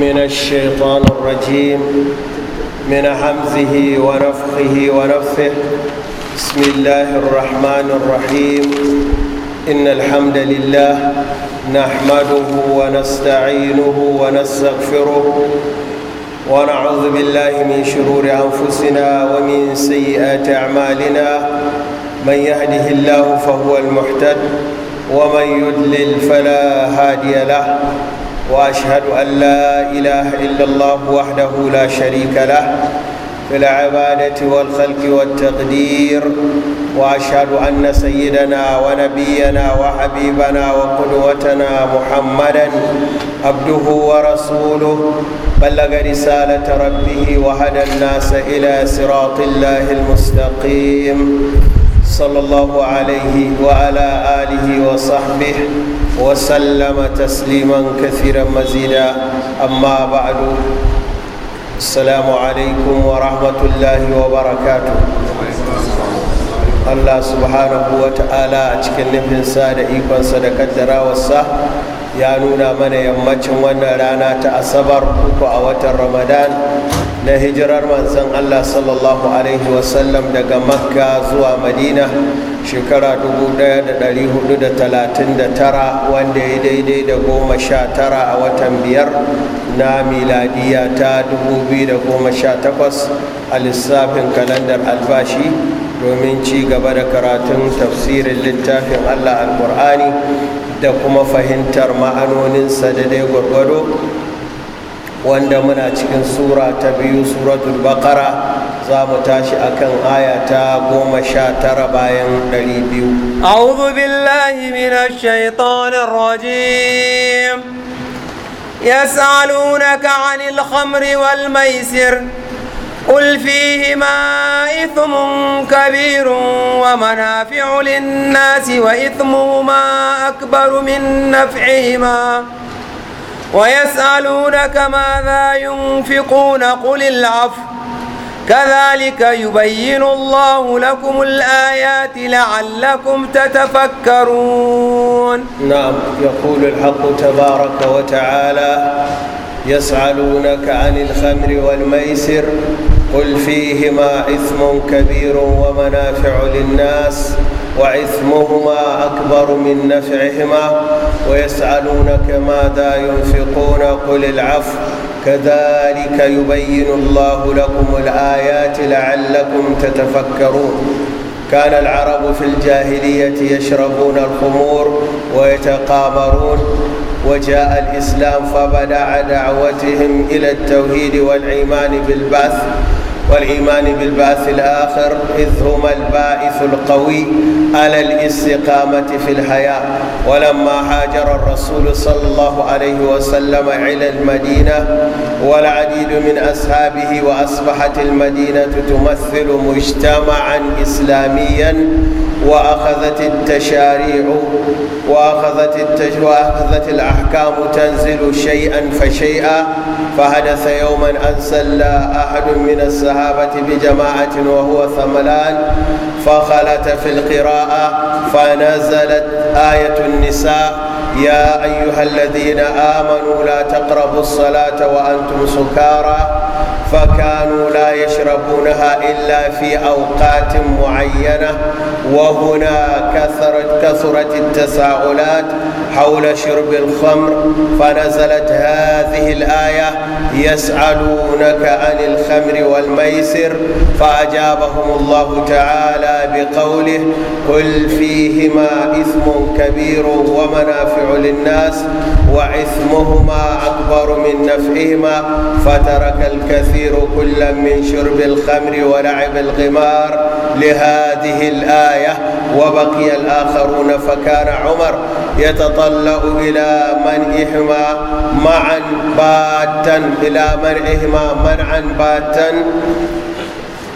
من الشيطان الرجيم من همزه ونفخه ونفه بسم الله الرحمن الرحيم إن الحمد لله نحمده ونستعينه ونستغفره ونعوذ بالله من شرور أنفسنا ومن سيئات أعمالنا من يهده الله فهو المحتد ومن يدلل فلا هادي له واشهد ان لا اله الا الله وحده لا شريك له في العباده والخلق والتقدير واشهد ان سيدنا ونبينا وحبيبنا وقدوتنا محمدا عبده ورسوله بلغ رساله ربه وهدى الناس الى صراط الله المستقيم صلى الله عليه وعلى اله وصحبه وسلم تسليما كثيرا مزيدا أما بعد السلام عليكم ورحمة الله وبركاته الله سبحانه وتعالى أتكلم إنسان إيقان صدقة دراوسة ya nuna mana yammacin wannan rana ta asabar uku a watan ramadan na hijirar manzon allah sallallahu alaihi wasallam daga makka zuwa madina shekara 1439 wanda ya daidai da goma sha tara a watan biyar na miladiya ta 2018 a lissafin kalandar albashi domin ci gaba da karatun tafsirin littafin allah alkur'ani da kuma fahimtar ma'anoninsa dai gwargwado wanda muna cikin sura ta biyu suratul baqara za mu tashi akan aya ta goma sha tara bayan ɗari biyu a'udhu billahi minash shaitanir rajim yas'alunaka 'anil khamri wal maisir قل فيهما إثم كبير ومنافع للناس وإثمهما أكبر من نفعهما ويسألونك ماذا ينفقون قل العفو كذلك يبين الله لكم الآيات لعلكم تتفكرون نعم يقول الحق تبارك وتعالى يسألونك عن الخمر والميسر قل فيهما إثم كبير ومنافع للناس وإثمهما أكبر من نفعهما ويسألونك ماذا ينفقون قل العفو كذلك يبين الله لكم الآيات لعلكم تتفكرون كان العرب في الجاهلية يشربون الخمور ويتقامرون وجاء الإسلام فبدأ دعوتهم إلى التوحيد والإيمان بالبعث والإيمان بالبعث الآخر إذ هما البائث القوي على الاستقامة في الحياة ولما هاجر الرسول صلى الله عليه وسلم إلى المدينة والعديد من أصحابه وأصبحت المدينة تمثل مجتمعا إسلاميا وأخذت التشاريع وأخذت, التش... وأخذت الأحكام تنزل شيئا فشيئا فحدث يوما أن صلى أحد من الصحابة الصحابة بجماعة وهو ثملان فخلت في القراءة فنزلت آية النساء يا أيها الذين آمنوا لا تقربوا الصلاة وأنتم سكارى فكانوا لا يشربونها إلا في أوقات معينة وهنا كثرت كثرت التساؤلات حول شرب الخمر فنزلت هذه الآية يسألونك عن الخمر والميسر فأجابهم الله تعالى بقوله قل فيهما إثم كبير ومنافع للناس وإثمهما أكبر من نفعهما فترك الكثير كلا من شرب الخمر ولعب الغمار لهذه الآية وبقي الآخرون فكان عمر يتطلع إلى منعهما معا باتا إلى منعهما منعا باتا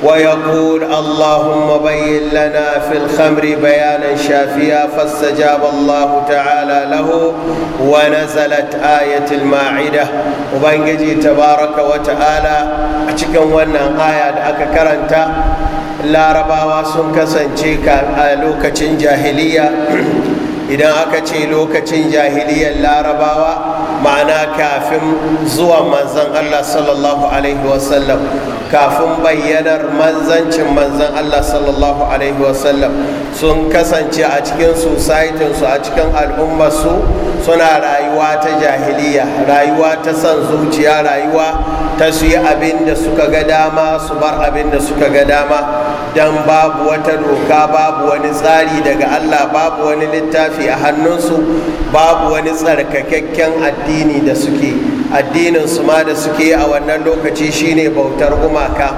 ويقول اللهم بين لنا في الخمر بيانا شافيا فاستجاب الله تعالى له ونزلت آية الماعدة وبنجي تبارك وتعالى أتكن ونن آية أككرنتا أككرنت larabawa sun kasance a lokacin jahiliya idan aka ce lokacin jahiliyar larabawa ma'ana kafin zuwa manzan allah sallallahu alaihi wasallam kafin bayyanar manzancin manzan allah sallallahu alaihi wasallam sun kasance a cikin su a cikin al'ummarsu suna rayuwa ta jahiliya rayuwa ta san zuciya rayuwa ta su yi abin da suka ga dama su bar abin da suka ga dama dan babu wata doka babu wani tsari daga Allah babu wani littafi a hannunsu babu wani tsarkakakken addini da suke addinin su ma da suke a wannan lokaci shine bautar gumaka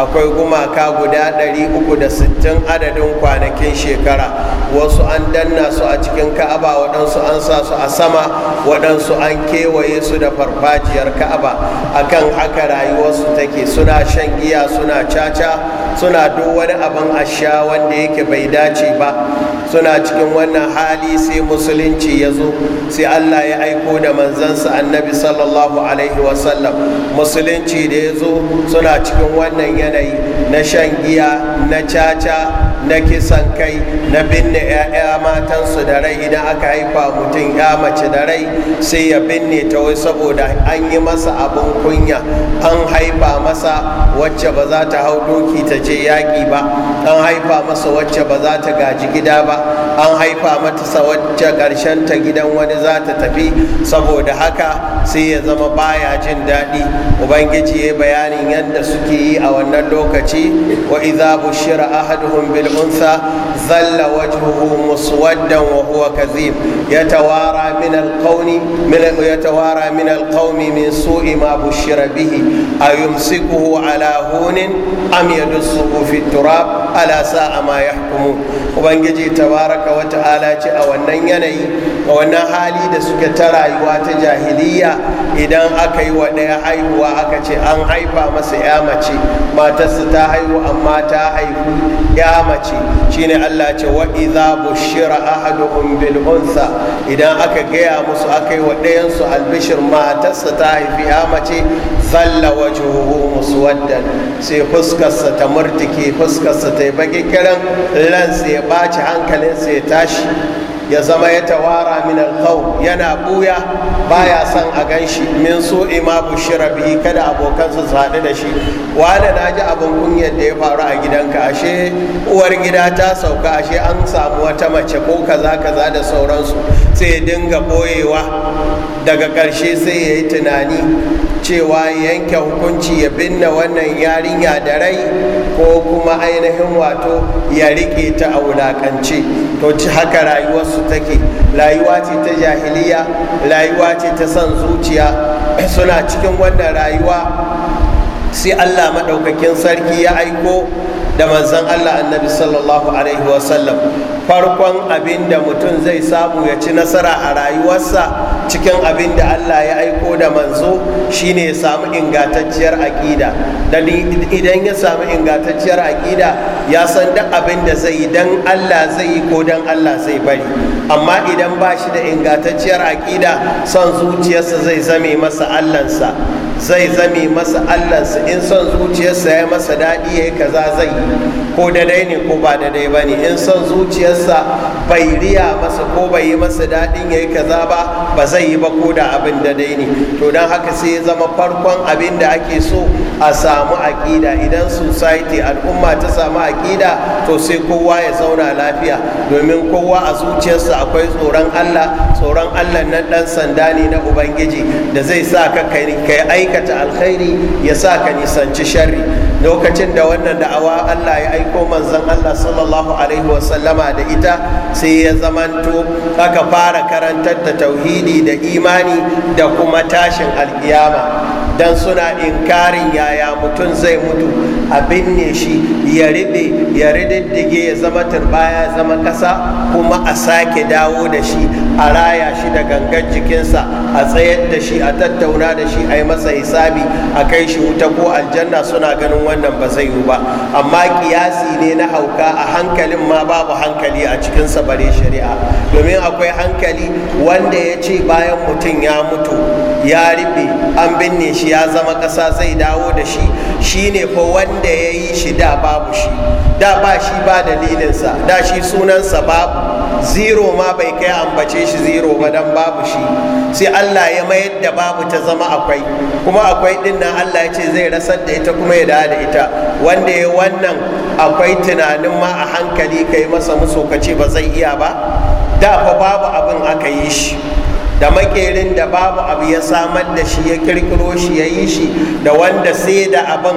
akwai gumaka guda 360 adadin kwanakin shekara wasu an danna su a cikin ka'aba waɗansu an sa su a sama waɗansu an kewaye su da farfajiyar ka'aba akan haka rayuwarsu take suna shan giya suna caca suna duk wani abin asha wanda yake bai dace ba suna cikin wannan hali sai musulunci ya zo sai allah ya aiko da manzansa annabi sallallahu sallallahu alaihi wasallam musulunci da ya zo suna cikin wannan yanayi na shan giya na caca na kisan kai na binne 'ya'ya matansu da rai idan aka haifa mutum ya mace da rai sai ya binne ta wai saboda an yi masa abin kunya an haifa masa wacce ba za ta hau doki ta je yaƙi ba an haifa masa wacce ba za ta gaji gida ba an haifa mata wacce karshen ta gidan wani za ta tafi saboda haka sai ya zama baya jin daɗi ubangiji ya bayanin yadda suke yi a wannan lokaci wa idza bushira ahaduhum bil unsa zalla wajhuhu muswaddan wa huwa kadhib yatawara min al qawmi min yatawara min al qawmi min su'i ma bushira bihi ayumsikuhu ala hunin am yadussuhu fi turab ala sa'a ma yahkumun ubangiji tabaraka wa ta'ala ce a wannan yanayi a wannan hali da suke ta rayuwa ta jahiliya idan aka yi wa ɗaya haihuwa aka ce an haifa masa ya mace matarsa ta haihu amma ta haihu ya mace shine Allah ce wa idza bushira ahaduhum bil unsa idan aka gaya musu aka yi wa ɗayan su albishir matarsa ta haifi ya mace zalla wajhuhu muswaddan sai fuskarsa ta murtike fuskarsa ta yi baki kiran ransa ya ɓaci hankalinsa ya tashi ya zama ya tawara min alqaw yana buya baya son a ganshi min so ima bushira bihi kada abokan su haɗu da shi wala na ji abin kunyar da ya faru a gidanka ashe uwar gida ta sauka ashe an samu wata mace ko kaza kaza da sauransu sai ya dinga boyewa daga ƙarshe sai ya tunani cewa yanke hukunci ya binne wannan yarinya da rai ko kuma ainihin wato ya riƙe ta a wulakance to ci haka rayuwarsu take rayuwa ce ta jahiliya rayuwa ce ta son zuciya suna cikin wannan rayuwa sai allah maɗaukakin sarki ya aiko da manzan Allah annabi sallallahu alaihi wasallam farkon abin da mutum zai samu ya ci nasara a rayuwarsa cikin abin da Allah ya aiko da manzo shine ya samu ingantacciyar aƙida dan idan ya samu ingantacciyar aƙida ya san duk abin da zai dan Allah zai yi ko dan Allah zai bari amma idan ba shi da ingantacciyar aƙida son zuciyarsa zai zame masa Allahnsa zai zame masa allansa in son zuciyarsa ya masa daɗi ya yi kaza zai ko dai ne ko ba da dai ba ne in son zuciyarsa bai riya masa ko bai yi masa daɗin ya yi kaza ba ba zai yi ba ko da abin da dai ne to don haka sai ya zama farkon abin da ake so a samu aƙida idan society al'umma ta samu aƙida to sai kowa ya zauna lafiya domin kowa a zuciyarsa akwai tsoron allah tsoron allah na ɗan sanda ne na ubangiji da zai sa ka aikata alkhairi ya sa ka nisanci sharri lokacin da wannan da'awa Allah ya aiko manzon Allah sallallahu alaihi wasallama da ita sai ya zamanto aka fara karantar da tauhidi da imani da kuma tashin alkiyama dan suna inkarin yaya mutum zai mutu a binne shi ya rube ya rididdige ya zama turbaya ya zama kasa kuma a sake dawo da shi a raya shi da gangan jikinsa a tsayar da shi a tattauna da shi a yi masa hisabi a kai shi wuta ko aljanna suna ganin wannan ba zai yi ba amma kiyasi ne na hauka a hankalin ma babu hankali a cikinsa bare shari'a domin akwai hankali wanda ya ce bayan mutum ya mutu ya rube an binne shi ya zama ƙasa zai dawo da shi Shi ne fa wanda ya yi shi da babu shi da ba shi ba dalilinsa da shi sunansa babu zero ma bai kai ambace shi zero ba dan babu shi sai Allah ya mayar da babu ta zama akwai kuma akwai din nan Allah ya ce zai rasar da ita kuma ya dawo da ita wanda ya wannan akwai tunanin ma a hankali kai masa musu ka ce ba zai iya ba da fa babu abin aka yi shi da makerin da babu abu ya samar da shi ya kirkiro shi ya yi shi da wanda sai da abin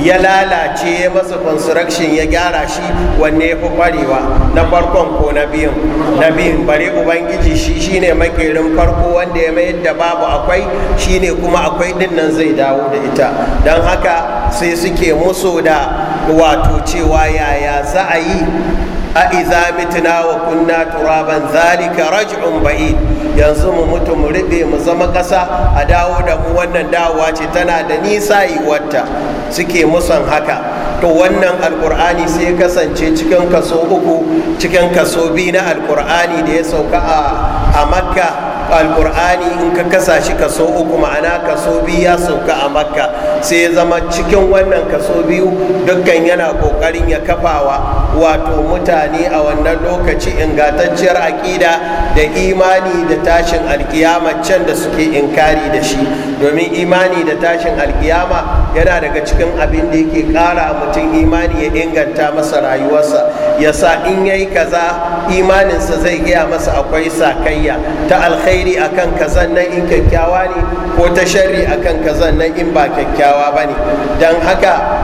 ya lalace ya masa construction ya gyara shi wanne ya fi kwarewa na farkon ko na biyun na biyun bare ubangiji shi shine makerin farko wanda ya mayar da babu akwai shine kuma akwai dinnan zai dawo da ita don haka sai suke musu da wato cewa yaya za a yi a iza mitna wa kunna turaban zalika raj'un ba'id yanzu mu mutu mu rube mu zama ƙasa a dawo da mu wannan dawowa ce tana da nisa yiwuwarta suke musan haka to wannan alkur'ani sai kasance cikin kaso uku cikin kaso biyu na alkur'ani da ya sauka a makka alkur'ani in ka kasa shi kaso uku ma'ana kaso biyu ya sauka a makka sai ya zama cikin wannan kaso biyu dukkan yana kokarin ya kafawa wato mutane a wannan lokaci ingantacciyar aƙida da imani da tashin alkiyama can da suke inkari da shi domin imani da tashin alkiyama yana daga cikin abin da yake ƙara mutum imani ya inganta masa rayuwarsa ya sa in yayi kaza imaninsa zai gaya masa akwai sakayya ta alkhairi khairi akan kazan nan in kyakkyawa ne ko ta sharri akan kazan nan in ba kyakkyawa ba ne haka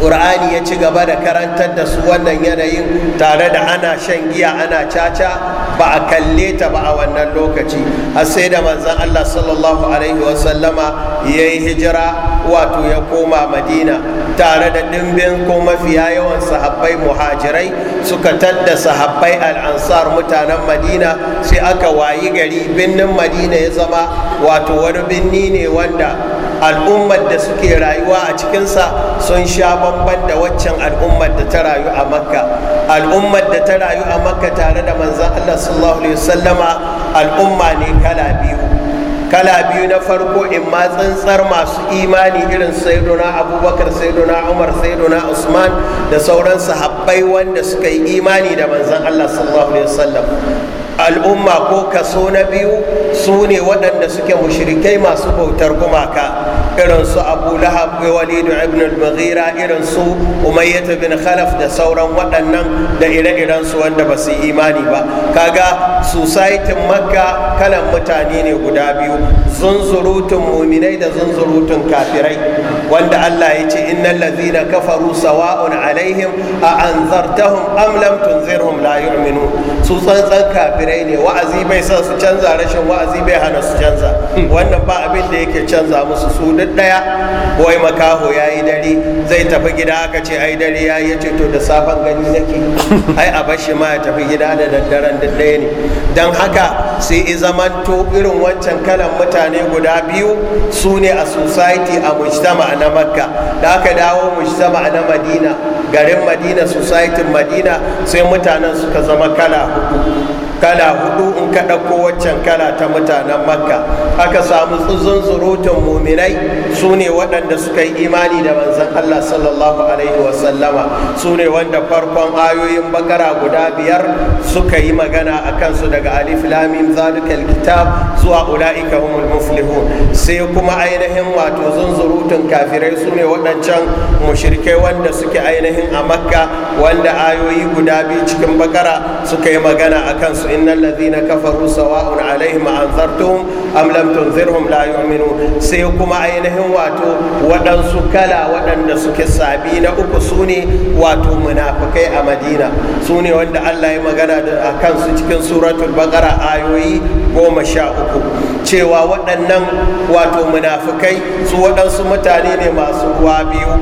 ƙur'ani ya ci gaba da karantar da su wannan yanayin tare da ana shan giya ana caca ba a kalle ta ba a wannan lokaci har sai da manzan allah sallallahu alaihi wasallama ya yi hijira wato ya koma madina tare da ɗimbin ko mafiya yawan sahabbai muhajirai suka tadda sahabbai al'ansar mutanen madina sai aka wayi gari birnin madina ya zama wato wani birni ne wanda al'ummar da suke rayuwa a cikinsa sun sha bamban da waccan al'ummar da ta rayu a makka al'ummar da ta rayu a makka tare da manzan allah sallallahu alaihi wasallama al'umma ne kala biyu kala biyu na farko in ma tsantsar masu imani irin saiduna abubakar saiduna umar saiduna usman da sauran sahabbai wanda suka yi imani da manzan allah sallallahu alaihi wasallam al'umma ko kaso na biyu su ne waɗanda suke mushrikai masu bautar gumaka irinsu su abu lahab walidu ibn al maghira irin su bin khalaf da sauran waɗannan da ire-iren wanda ba su imani ba kaga susaitin makka kalan mutane ne guda biyu zunzurutun muminai da zunzurutun kafirai wanda Allah ya ce innal ladhina kafaru sawa'un alaihim a anzartahum am lam tunzirhum la yu'minu su tsantsan kafirai ne wa'azi bai sa su canza rashin wa'azi bai hana su canza wannan ba abin da yake canza musu su duk daya wai makaho yayi dare zai tafi gida aka ce ai dare yayi ce to da safan gani nake ai a bashi ma ya tafi gida da daddaren duk daya ne dan haka sai i zamanto irin wancan kalan mutane guda biyu su ne a society a mujtama na makka da aka dawo sama na madina garin madina society madina sai mutanen suka zama kala hudu kala hudu in ka ɗauko waccan kala ta mutanen makka aka samu tsuzun zurutun muminai su ne waɗanda suka yi imani da manzan allah sallallahu alaihi wasallama su ne wanda farkon ayoyin bakara guda biyar suka yi magana a kansu daga alif lamim zalikal kitab zuwa ula'ika humul muflihun sai kuma ainihin wato zunzurutun kafirai su ne waɗancan mushrikai wanda suke ainihin a makka wanda ayoyi guda biyu cikin bakara suka yi magana a kansu الناس إن الذين كفروا سواء عليهم أنذرتهم أم لم تنذرهم لا يؤمنون سيكم عينهم واتو ودن سكلا ودن سكسابين أكسوني واتو منافقي أمدينة سوني وند الله يمغنى أكان سكين سورة البقرة آيوي goma sha uku cewa waɗannan wato munafukai su waɗansu mutane ne masu ruwa biyu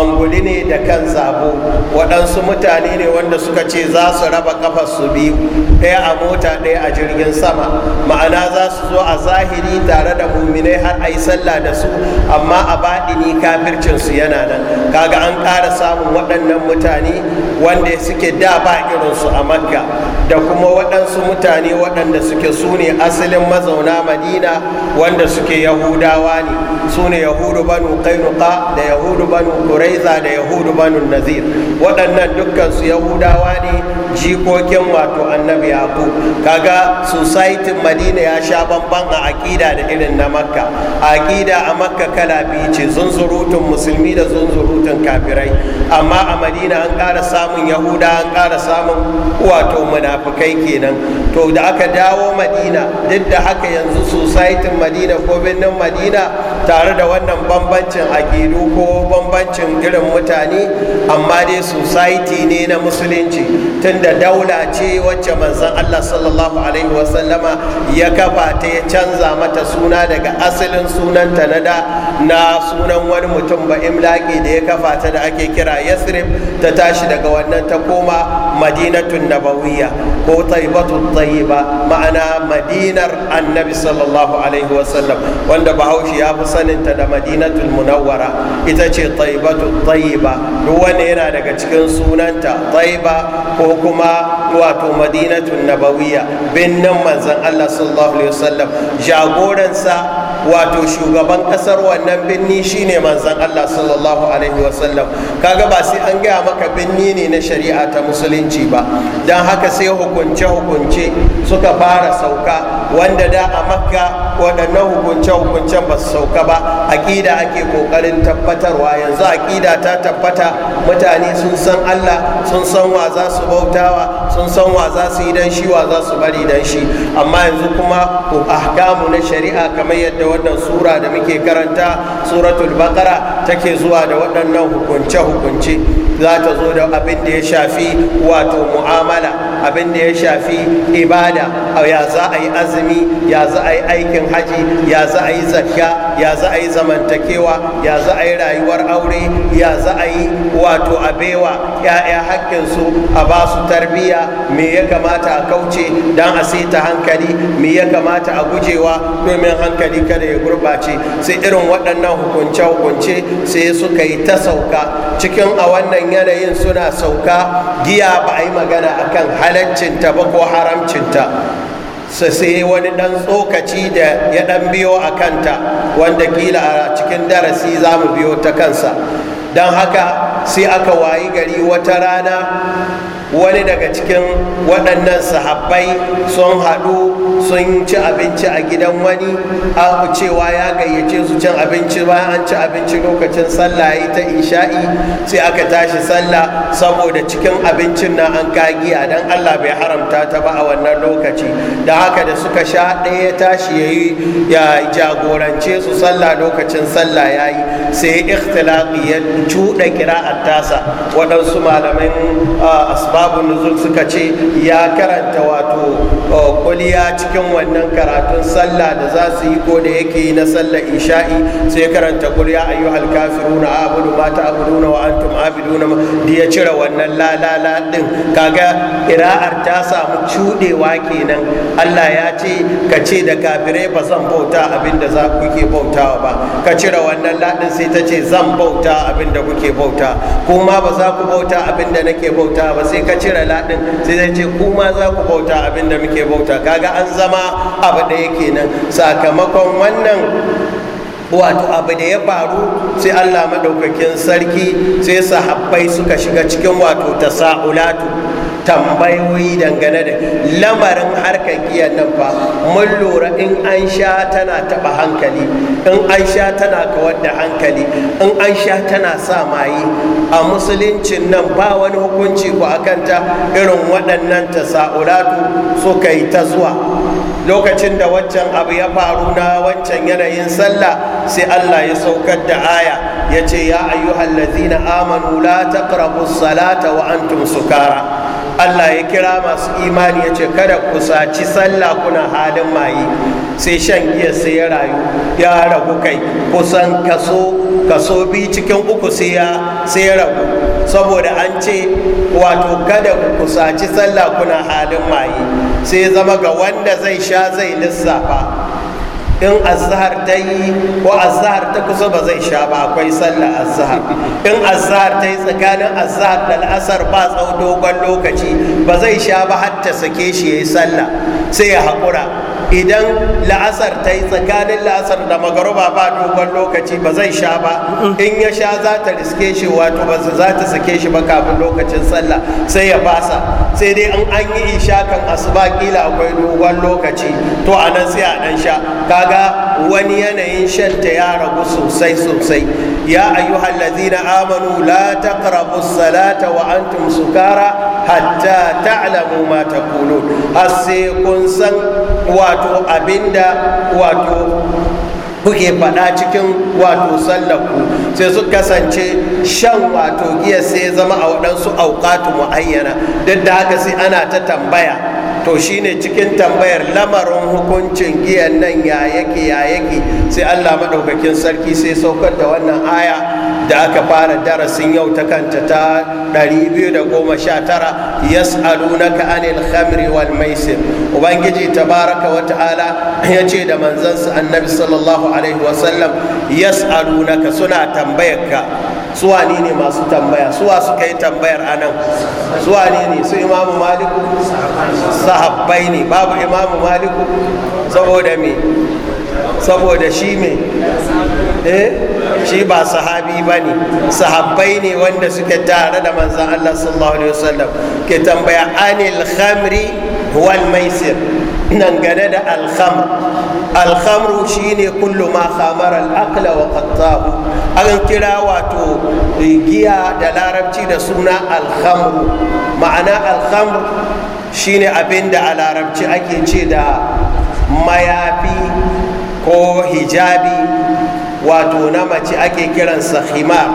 anguli ne da kan zabo waɗansu mutane ne wanda suka ce za su raba kafar su biyu ɗaya a mota ɗaya a jirgin sama ma'ana za su zo a zahiri tare da muminai har a yi sallah da su amma a baɗini kafircin su yana nan kaga an ƙara samun waɗannan mutane wanda suke da ba irinsu a makka da kuma waɗansu mutane waɗanda suke su ne asalin mazauna madina wanda suke yahudawa ne su ne yahudu banu kainuka da yahudu banu quraiza da yahudu banu nazir waɗannan dukkansu yahudawa ne jikokin wato annabi yaku kaga society madina ya sha bamban a aƙida da irin na makka aƙida a makka kala biyu ce zunzurutun musulmi da zunzurutun kafirai amma a madina an kara samun yahuda an ƙara samun wato munafukai kenan to da aka dawo madina duk da haka yanzu society madina ko birnin madina tare da wannan bambancin akidu ko bambancin irin mutane amma dai society ne na musulunci tun Da daula ce wacce manzon Allah sallallahu alaihi wasallama ya kafa ta ya canza mata suna daga asalin sunanta na da na sunan wani mutum ba imlaki da ya kafa ta da ake kira yasrib ta tashi daga wannan ta koma madinatun nabawiyya ko taibatu tayyiba ma'ana madinar annabi sallallahu alaihi wasallam wanda bahaushe ya fi saninta da madinatun munawwara ita ce taibatu tayyiba duk wanda yana daga cikin sunanta taiba ko kuma wato madinatun nabawiyya binnin manzan Allah sallallahu alaihi wasallam jagoransa wato shugaban kasar wannan birni shine manzan Allah sallallahu alaihi wasallam kaga ba sai an gaya maka birni ne na shari'a ta musulunci ba dan haka sai hukunce hukunce suka fara sauka wanda da a makka waɗannan hukunce hukunce ba su sauka ba aƙida ake ƙoƙarin tabbatarwa yanzu aƙida ta tabbata mutane sun san Allah sun san wa za su bautawa sun san wa za su yi dan shi wa za su bari dan shi amma yanzu kuma ahkamu na shari'a kamar yadda wannan sura da muke karanta suratul baqara take zuwa da waɗannan hukunce hukunce za ta zo da abin da ya shafi wato mu'amala abin da ya shafi ibada ya za a yi azumi ya za a yi aikin haji ya za a yi zakka ya za a yi zamantakewa ya za a yi rayuwar aure ya za a yi wato abewa ya'ya hakkinsu a ba su tarbiyya me ya kamata a kauce don a ta hankali me ya kamata a gujewa domin hankali kada ya gurbace? sai irin waɗannan hukunce-hukunce sai suka yi ta sauka cikin a wannan wannan yanayin suna sauka giya ba a yi magana akan halaccinta ba ko haramcinta su sai wani ɗan tsokaci da ya ɗan biyo a kanta wanda kila a cikin darasi za mu biyo ta kansa don haka sai aka wayi gari wata rana wani daga cikin waɗannan sahabbai sun haɗu sun ci abinci a gidan wani aku cewa ya gayyace su cin abinci bayan an ci abinci lokacin sallah ya ta isha'i sai aka tashi sallah saboda cikin abincin na an kagiya don allah bai haramta ta ba a wannan lokaci da haka da suka sha ɗaya ya tashi ya yi ya jagorance su sallah lokacin sallah ya yi sai ya ya cuɗa kira'ar tasa waɗansu malamin ah, asba babu nuzul suka ce ya karanta wato Oh, kwaliya cikin wannan karatun sallah da za su yi ko da yake yi na sallah isha'i sai karanta kuliya ayyuhal kafiruna abudu ma na wa abudu na da ya cire wannan lalala din kaga ira'ar ta samu cudewa kenan Allah ya ce ka ce da kafirai ba zan bauta abin da za kuke bautawa ba ka cire wannan ladin sai ta ce zan bauta abin da kuke bauta kuma ba za ku bauta abin da nake bauta ba sai ka cire ladin sai ta ce kuma za ku bauta abin da muke kuke bauta kaga an zama abu ɗaya kenan sakamakon wannan wato abu da ya faru sai allah maɗaukakin sarki sai sahabbai suka shiga cikin wato ta sa'ulatu. tambayoyi dangane da lamarin harkar giyan nan fa mun lura in an sha tana taba hankali in an sha tana kawar da hankali in an sha tana sa maye a musuluncin nan ba wani hukunci ku akan ta irin waɗannan ta suka yi ta zuwa lokacin da waccan abu ya faru na wancan yanayin sallah sai allah ya saukar da aya ya ce ya ayyuhallazina amanu la taqrabu salata wa antum sukara Allah ya kira masu imani ya ce kada ku saci sallah kuna halin maye sai shan giya sai ya rayu ya ragu kai kusan kaso kaso bi cikin uku sai ya sai ya ragu saboda an ce wato kada ku saci sallah kuna halin maye sai zama ga wanda zai sha zai lissafa in azhar ta yi ko azhar ta kusa ba zai sha ba akwai sallar azhar in azhar ta yi tsakanin azhar da al'asar ba tsau dogon lokaci ba zai sha ba har ta sake shi ya yi sallah sai ya haƙura idan la'asar ta yi tsakanin la'asar da magaruba ba dogon lokaci ba zai sha ba in ya sha za ta riske shi wato ba za ta sake shi ba kafin lokacin sallah sai ya basa sai dai an an yi isha kan asuba kila akwai dogon lokaci to a nan sai a dan sha kaga wani yanayin shan ta ya ragu sosai sosai ya ayyuhal ladzina amanu la taqrabus salata wa antum sukara hatta ta'lamu ma taqulun har sai kun san wa wato abinda wato kuke faɗa cikin wato sallaku sai su kasance shan wato giya sai zama a waɗansu auƙatu mu'ayyana duk da haka sai ana ta tambaya to shine cikin tambayar lamarin hukuncin giyan nan ya yake ya yake sai allah maɗaukakin sarki sai saukar da wannan aya da aka fara darasin yau ta kanta ta 219 yas'alunaka anil khamri wal maisir ubangiji tabaraka wa ta'ala ya ce da manzansa annabi sallallahu alaihi wasallam yas'alunaka suna tambayarka suwa ne ne masu tambaya suwa suka yi tambayar anan suwa ne ne su imamu maliku sahabbai ne babu imamu maliku saboda me saboda shi mai eh shi ba sahabi ba ne sahabbai ne wanda suke tare da manzan Allah sallallahu alaihi wasallam ke tambaya anil khamri wal maisir nan gane da alhamr alhamru shine kullu ma khamara al-aqla wa qattahu an kira wato giya da larabci da suna alkhamru ma'ana alhamr shine abinda a larabci ake ce da mayafi ko hijabi wato na mace ake kiransa himar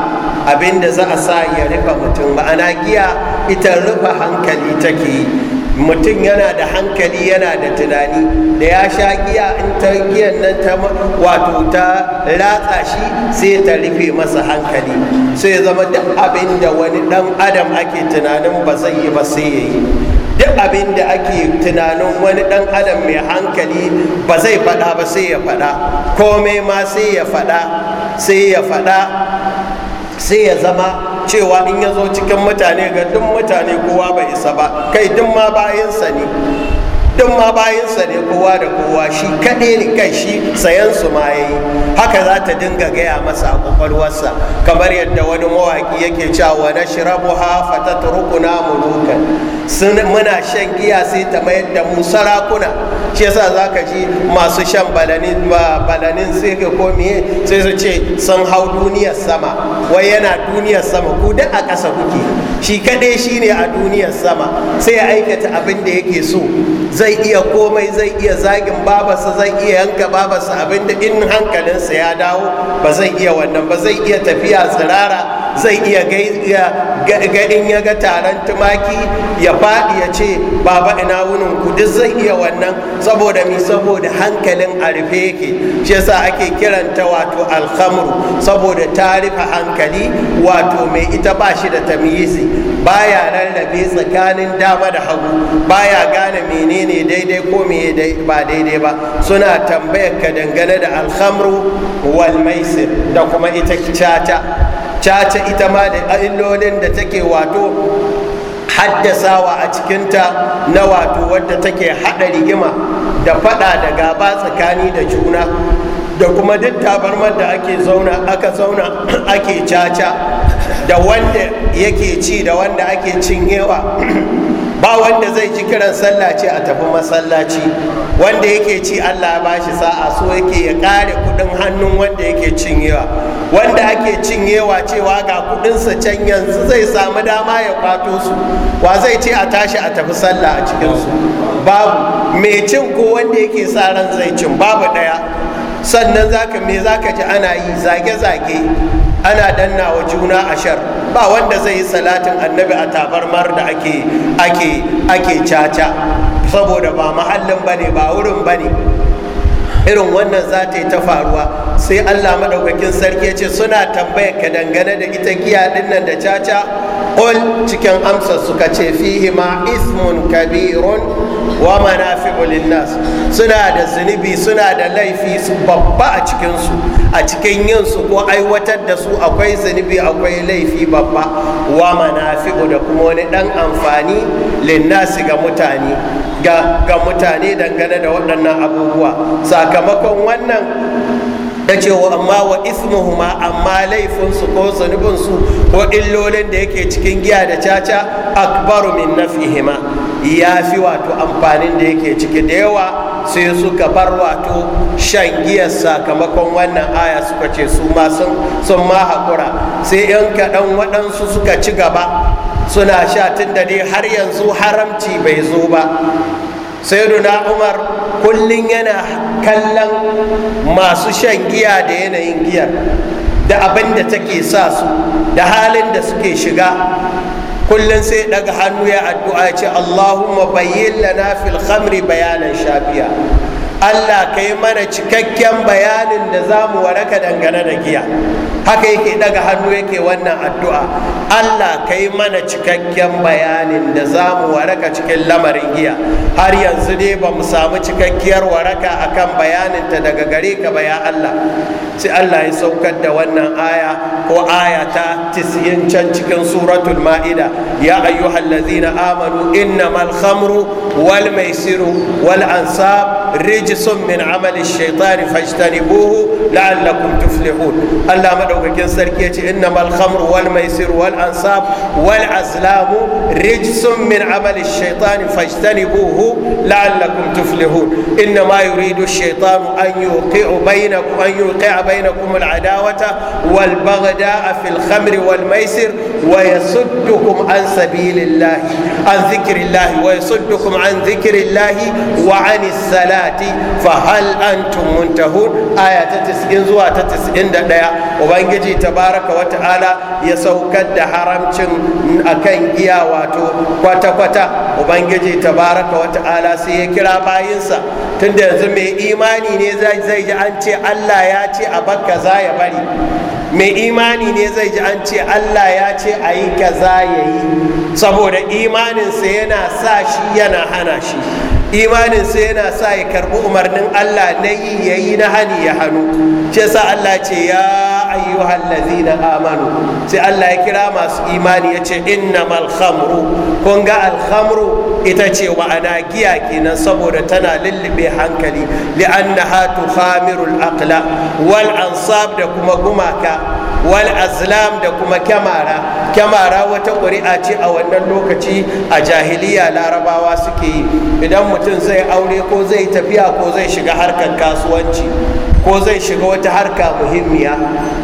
abinda za a sa ya rufe mutum ma'ana giya ita rufe hankali take yi mutum yana da hankali yana da tunani da ya sha giya in ta giyan nan ta wato ta latsa shi sai ta rufe masa hankali sai zama duk abin da wani dan adam ake tunanin ba zai yi ba sai ya yi duk abin da ake tunanin wani dan adam mai hankali ba zai faɗa ba sai ya faɗa komai ma sai ya faɗa sai ya faɗa sai ya zama cewa in ya zo cikin mutane ga duk mutane kowa ba isa ba kai duk ma bayansa ne duk ma bayansa ne kowa da kowa shi kaɗai ne kai shi sayan su ma yayi haka za ta dinga gaya masa a kamar yadda wani mawaƙi yake cewa na shirabu ha fatatrukuna mulukan sun muna shan giya sai ta mayar da mu sarakuna shi yasa za ka ji masu shan balanin balanin sai ka komiye sai su ce sun hau duniyar sama wai yana duniyar sama ku duk a ƙasa kuke shi kaɗai shi ne a duniyar sama sai ya aikata abin da yake so zai iya komai zai iya zagin babarsa zai iya yanka babarsa abin da in hankalinsa ya dawo ba zai iya wannan ba zai iya tafiya tsirara zai iya gaɗin ya ga taron tumaki ya faɗi ya ce baba ina wunin ku duk zai iya wannan saboda mi saboda hankalin a rufe yake shi yasa ake kiranta wato alhamru saboda ta rufe hankali wato mai ita ba shi da ba baya rarrabe tsakanin dama da hagu baya gane menene daidai ko me ba daidai ba suna tambayar ka dangane da alhamru wal maisir da kuma ita kicata caca ita ma da illolin da take wato haddasawa a cikinta na wato wadda take haɗa rigima da faɗa da gaba tsakani da juna da kuma duk tabarmar da ake zauna aka zauna ake caca da wanda yake ci da wanda ake cinyewa ba wanda zai ji kiran sallah ce a tafi masallaci wanda yake ci allah ba bashi sa'a so yake ya kare kudin hannun wanda yake cinyewa wanda ake cinyewa cewa ga kudinsa can yanzu zai samu dama ya kwato su wa zai ce a tashi a tafi sallah a cikinsu babu mai cin ko wanda yake sa ran zai cin babu daya sannan zaka me zaka ji ana yi zage-zage ana dannawa juna ashar ba wanda zai yi salatin annabi a tabarmar da ake ake ake caca saboda ba mahallin bane ba wurin bane irin wannan za ta yi ta faruwa sai allah maɗaukakin sarki ya ce suna tambayar ka dangane da ita giya dinnan da caca ƙul cikin amsa suka ce fihi ma ismun kabirun wa manafi'u linnas suna da zunubi suna da laifi babba a cikinsu a cikin yinsu, ko aiwatar da su akwai zunubi akwai laifi babba wa manafi'u da kuma wani ɗan amfani linnasi ga mutane ga, mutane dangane da waɗannan abubuwa sakamakon wannan da ce wa amma wa ismuhuma amma laifinsu ko zunubinsu ko illolin da yake cikin giya da caca akbaru min nafihima ya fi wato amfanin da yake ciki da yawa sai suka bar wato shan giyar sakamakon wannan aya suka ce su ma sun ma haƙura sai yan kaɗan waɗansu suka ci gaba suna sha tun da dai har yanzu haramci bai zo ba sayyiduna umar kullum yana kallon masu shan giya da yanayin giyar da abin da take sa su da halin da suke shiga kullum sai daga hannu ya addu'a ya ce allahumma bayyin lana fil khamri bayanan shafiya Allah ka yi mana cikakken bayanin da za mu waraka dangane da giya haka yake daga hannu yake wannan addu'a Allah ka yi mana cikakken bayanin da za mu waraka cikin lamarin giya har yanzu ne ba mu samu cikakkiyar waraka akan bayaninta daga gare ka ba ya Allah sai Allah ya saukar da wannan aya ko aya ta 90 can cikin suratul ma'ida ya ayyuhallazina amanu innamal khamru wal maisiru wal ansab رجس من عمل الشيطان فاجتنبوه لعلكم تفلحون الله مدوكين سركي انما الخمر والميسر والانصاب والازلام رجس من عمل الشيطان فاجتنبوه لعلكم تفلحون انما يريد الشيطان ان يوقع بينكم ان يوقع بينكم العداوه والبغداء في الخمر والميسر ويصدكم عن سبيل الله عن ذكر الله ويصدكم عن ذكر الله وعن السلام ayati fa hal antum muntahun aya ta 90 zuwa ta 91 ubangiji tabaraka wa ta'ala ya saukar da haramcin akan giya wato kwata-kwata ubangiji tabaraka wa ta'ala sai ya kira bayinsa tunda yanzu mai imani ne zai ji an ce allah ya ce a bakka za ya bari mai imani ne zai ji an ce allah ya ce a yi kaza ya yi saboda imaninsa yana sa shi yana hana shi imanin sai yana sa ya karbi umarnin Allah na yi ya yi na hani ya hannu ce sa Allah ce ya hallazi na amanu sai Allah ya kira masu imani ya ce inna khamru kun ga al ita ce ma'ana giya kenan saboda tana lullube hankali li'annaha tukhamirul aqla wal ansab da kuma gumaka wal azlam da kuma kyamara kyamara wata ƙuri'a ce a wannan lokaci a jahiliya larabawa suke yi idan mutum zai aure ko zai tafiya ko zai shiga harkar kasuwanci ko zai shiga wata harka muhimmiya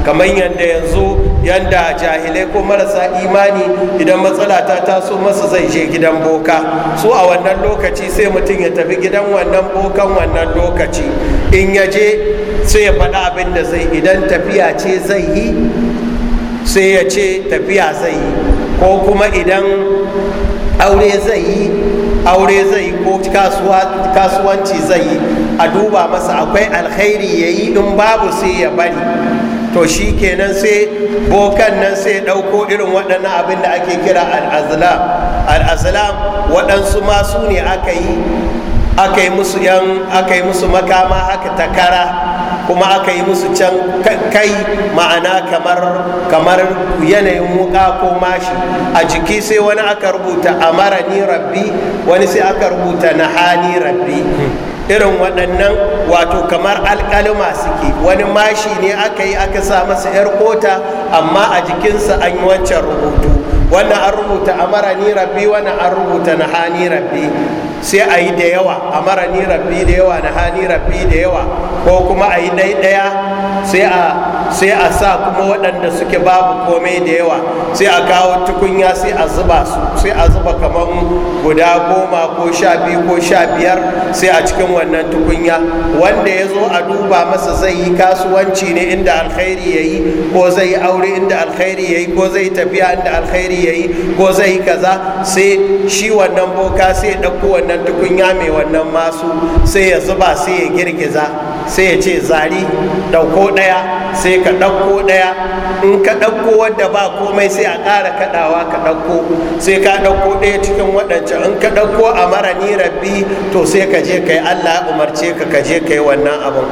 kamar yadda yanzu yadda jahilai ko marasa imani idan matsala ta taso masa zai je gidan boka su a wannan lokaci sai mutum ya tafi gidan wannan bokan wannan lokaci in ya je sai ya faɗa abin da zai idan tafiya ce zai yi sai ya ce tafiya zai yi ko kuma idan aure zai yi aure zai ko kasuwanci zai yi a duba masa akwai alkhairi ya yi in babu sai ya bari to shi kenan sai bokan nan sai ɗauko irin waɗannan abin da ake kira al'azlam al'azlam waɗansu masu ne aka aka yi musu makama aka takara kuma aka yi musu can kai ma'ana kamar kamar yanayin wuka ko mashi a jiki sai wani aka rubuta amara ni rabbi wani sai aka rubuta nahani rabbi irin waɗannan wato kamar alƙalima suke wani mashi ne aka yi aka sa masa 'yar kota amma a jikinsa an yi wancan rubutu wannan an rubuta amara ni rabbi wannan an rubuta nahani rabbi sai a yi da yawa a mara ni rabbi da yawa na hani rabbi da yawa ko kuma a yi ɗaya sai a sa kuma waɗanda suke babu komai da yawa sai a kawo tukunya sai a zuba su sai a zuba kamar guda goma ko sha biyu ko sha biyar sai a cikin wannan tukunya wanda ya zo a duba masa zai yi kasuwanci ne inda alkhairi ya yi ko zai yi aure inda alkhairi ya yi ko zai tafiya inda alkhairi ya yi ko zai yi kaza sai shi wannan boka sai ya ɗauko wannan wannan tukunya mai wannan masu sai ya zuba sai ya girgiza sai ya ce zari ɗauko ɗaya sai ka ɗauko ɗaya in ka ɗauko wadda ba komai sai a ƙara kaɗawa ka ɗauko sai ka ɗauko ɗaya cikin waɗancan in ka ɗauko a mara ni rabbi to sai ka je kai allah umarce ka ka je kai wannan abin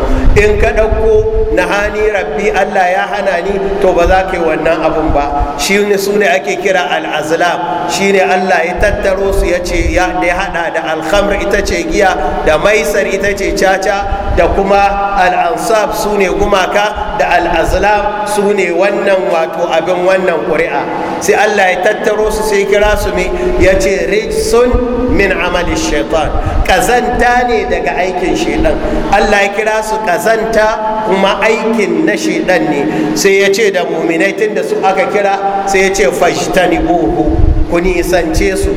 in ka ɗauko na hani rabbi allah ya hana ni to ba za ka yi wannan abin ba shi ne su ne ake kira al'azlam shi ne allah ya tattaro su ya ce ya haɗa da alhamr ita ce giya da maisar ita ce caca da kuma al'ansab su ne gumaka da al'azlam su ne wannan wato abin wannan ƙuri'a sai allah ya tattaro su sai kira su mai ya ce rijsun min amalin shaitan ƙazanta ne daga aikin shaitan allah ya kira su ƙazanta kuma aikin na shaitan ne sai ya ce da muminai tun da su aka kira sai ya ce buhu ku nisance su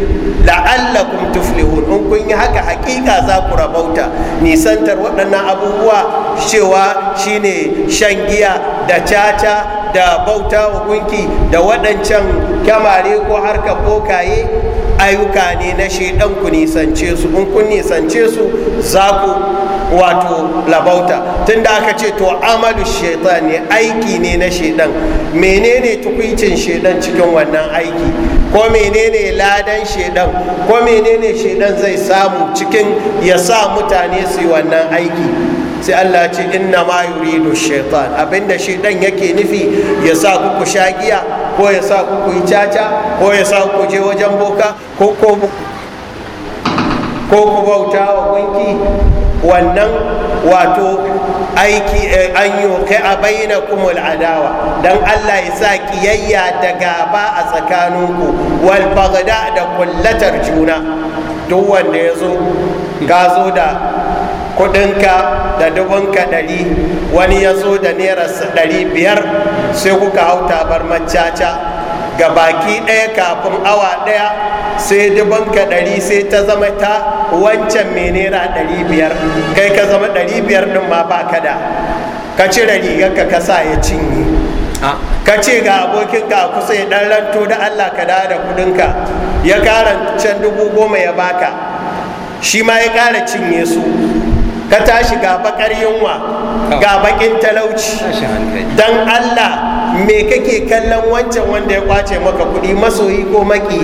la'allakum tuflihun in kun yi haka hakika za ku rabauta nisantar waɗannan abubuwa cewa shine shan giya da caca da bauta wa gunki da waɗancan kyamare ko harkar bokaye ayyuka ne na shaidan ku nisance su in kun nisance su za ku wato labauta tunda aka ce to amalu shaitan ne aiki ne na shaidan menene tukwicin shaidan cikin wannan aiki ko menene ladan shaidan ko menene shaidan zai samu cikin ya sa mutane su yi wannan aiki sai Allah ce inna ma yuridu shaitan abinda shaitan yake nufi ya sa kuku shagiya sha giya ko ya sa kuku yi caca ko ya sa kuku je wajen boka ko ku bauta wa gunki wannan wato aiki eh, an yi kai a bayyana kumul adawa don allah ya sa kiyayya da gaba a tsakaninku wal da kullatar juna duk wanda ya zo gazo da kudinka da dubinka ɗari wani ya zo da naira ɗari biyar sai kuka hau tabar macaca ga baki ɗaya kafin awa ɗaya sai ka ɗari sai ta zama ta wancan mai naira ɗari biyar kai ka zama ɗari biyar ɗin ma ba ka da ka cire rigarka ka sa ya cinye ah. ka ce ga abokinka a kusa ya ɗan ranto da allah ka da da kuɗinka ya ƙara can dubu goma ya baka shi ma ya ƙara cinye su ka tashi ga bakar yunwa ga bakin talauci dan Allah me kake kallon wancan wanda ya kwace maka kudi masoyi ko maki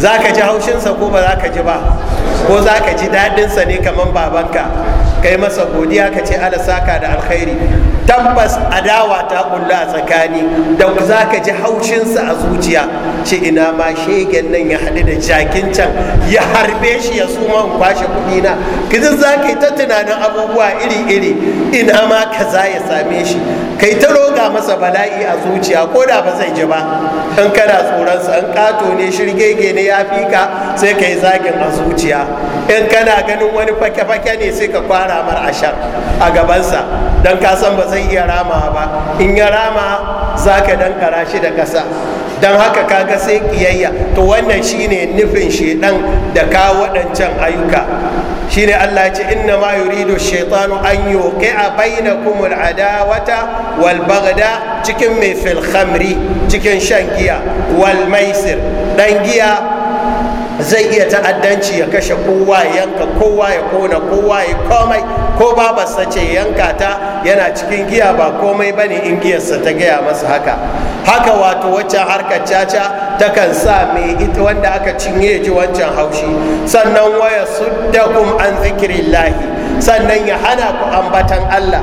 za ka ji haushinsa ko ba za ka ji ba ko za ka ji daɗinsa ne kaman babanka kai masa godiya ka ce ala saka da alkhairi tabbas adawa ta kulla a tsakani da za ka ji haushinsa a zuciya ce ina ma shegen nan ya haɗu da jakin can ya harbe shi ya suma in kwashe kuɗi na kizin za ka yi ta tunanin abubuwa iri-iri ina ma kaza ya same shi kai ta roga masa bala'i a zuciya ko da ba zai ji ba in kana sa, in kato ne shirgege ne ya fi ka sai ka yi zagin a zuciya in kana ganin wani fake-fake ne sai ka kwara ramar ashar a gabansa don kasan ba zai iya rama ba in ya rama za ka dankara shi da kasa don haka kaga sai kiyayya to wannan shine nufin shedan da ka waɗancan ayyuka shine Allah ce inna ma yuridu shaytanu an yuqi'a bainakumul adawata wal baghda cikin mai fil cikin shan giya walmaisir ɗan giya zai iya ta'addanci ya kashe kowa ya yanka kowa ya kona kowa ya komai ko babarsa ce yanka ta yana cikin giya ba komai ba ne in giyarsa ta gaya masa haka haka wato wacce harkar caca ta kan sa mai ita wanda aka cinye ji wancan haushi sannan waya suddakum an zikirillahi sannan ya hana ku ambatan allah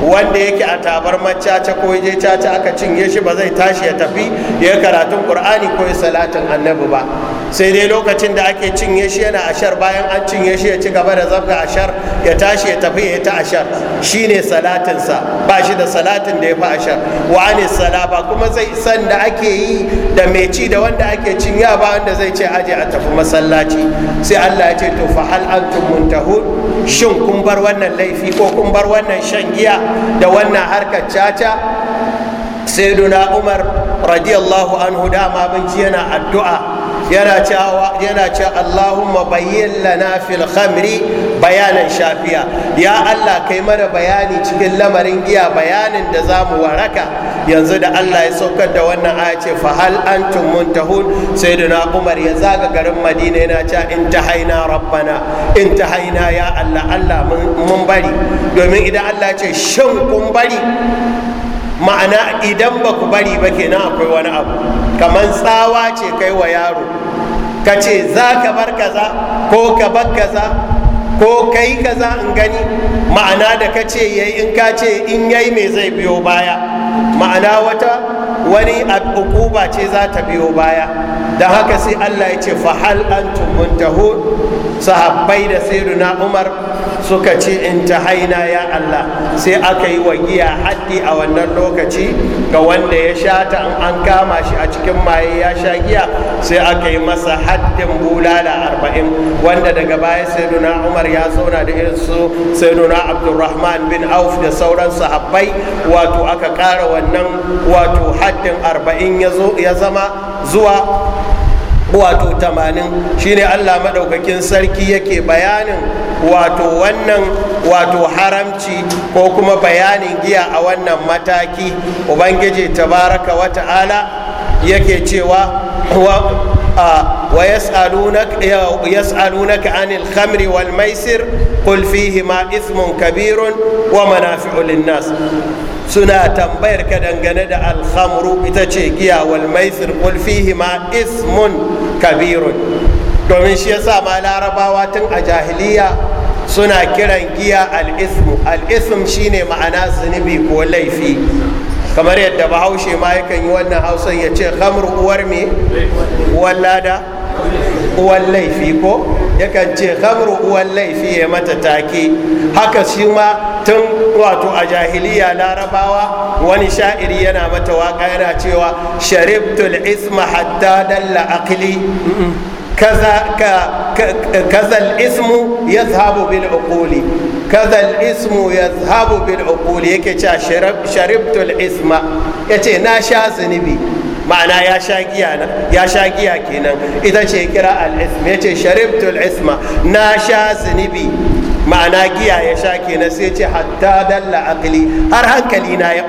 wanda yake a tabarmar caca ko je caca aka cinye shi ba zai tashi ya tafi ya karatun qur'ani ko salatin annabi ba sai dai lokacin da ake cinye shi yana ashar bayan an cinye shi ya ci gaba da zabga ashar ya tashi ya tafi ya ta ashar shine salatinsa ba shi da salatin da ya fi ashar wa ne sala ba kuma zai san da ake yi da mai ci da wanda ake cinya ba wanda zai ce aje a tafi masallaci sai Allah ya ce to fa hal antum muntahun shin kun bar wannan laifi ko kun bar wannan shan giya da wannan harkar caca sayyiduna umar radiyallahu anhu dama mun yana addu'a yana cewa yana ce Allahumma bayyin lana fil khamri bayanan shafiya ya Allah kai mana bayani cikin lamarin giya bayanin da za mu waraka yanzu da Allah ya saukar da wannan aya ce fa hal antum muntahun sayyidina Umar ya zaga garin Madina yana cewa in rabbana in ya Allah Allah mun bari domin idan Allah ya ce shin kun bari ma'ana idan ba ku bari ba kenan akwai wani abu kamar tsawa ce kai wa yaro ka ce za ka bar kaza ko ka bar kaza ko ka kaza in gani ma'ana da ka ce yayi in ka ce in yayi me zai biyo baya ma'ana wata wani abubuwa ce za ta biyo baya da haka sai allah ya ce hal antum muntahun sahabbai da sayyiduna umar suka ci in ta haina ya Allah sai aka yi wagiya haddi a wannan lokaci ga wanda ya sha ta an kama shi a cikin maye ya sha giya sai aka yi masa haddin bulala arba'in wanda daga baya sai nuna umar ya zauna da irin su sai nuna abdulrahman bin auf da sauran sahabbai wato aka kara wannan wato haddin arba'in ya zama zuwa wato tamanin shine allah maɗaukakin sarki yake bayanin wato wannan wato haramci ko kuma bayanin giya a wannan mataki ubangiji tabaraka wa ta'ala yake cewa ويسألونك يسألونك عن الخمر والميسر قل فيهما إثم كبير ومنافع Linnas, suna tambayar ka dangane da alhamru ita ce giya wal maisir qul fihi ma ismun kabirun domin shi yasa ma larabawa tun a jahiliya suna kiran giya al'ismu al'ism shine ma'ana zunubi ko laifi kamar yadda bahaushe ma yakan yi wannan hausan ya ce kamar uwar me uwar lada uwar laifi ko yakan ce kamar uwar laifi ya mata take haka shi ma tun wato a jahiliya larabawa wani sha'iri yana mata waka yana cewa sharibtul isma hatta dalla aqli Kazal ismu yazhabu bil uquli ismu yazhabu bil uquli yake cewa sharibtu al isma yace na sha zunubi ma'ana ya sha giya ya sha giya kenan ita ce kira yace sharibtu isma na sha zunubi ma'ana giya ya sha kenan sai ce hatta dalla har hankali na ya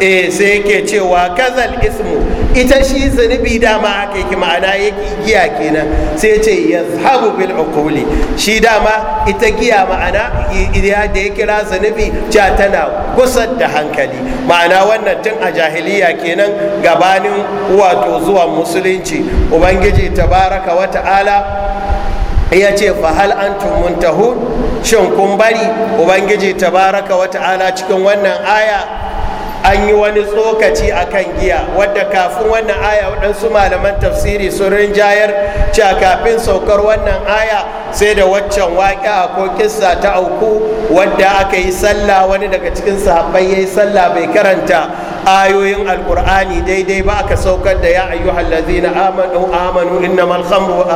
E sai yake cewa kazal ismu ita shi zunubi dama aka yi ma'ana yake giya kenan sai ce zahabu bil okuli shi dama ita giya ma'ana da ya kira zunubi ja tana gusar da hankali ma'ana wannan tun a jahiliya kenan gabanin wato zuwa musulunci ubangiji tabaraka wa ta'ala ya ce fahal an muntahun shin kun bari ubangiji tabaraka wa ta'ala cikin wannan aya an yi wani tsokaci a kan giya wadda kafin wannan aya waɗansu malaman tafsiri sun rinjayar cewa kafin saukar wannan aya sai da waccan waƙa ko kissa ta auku wadda aka yi sallah wani daga cikin sahabbai ya yi sallah bai karanta ayoyin alkur'ani daidai ba aka saukar da ya ayyuhal ladzina amanu amanu innamal khamru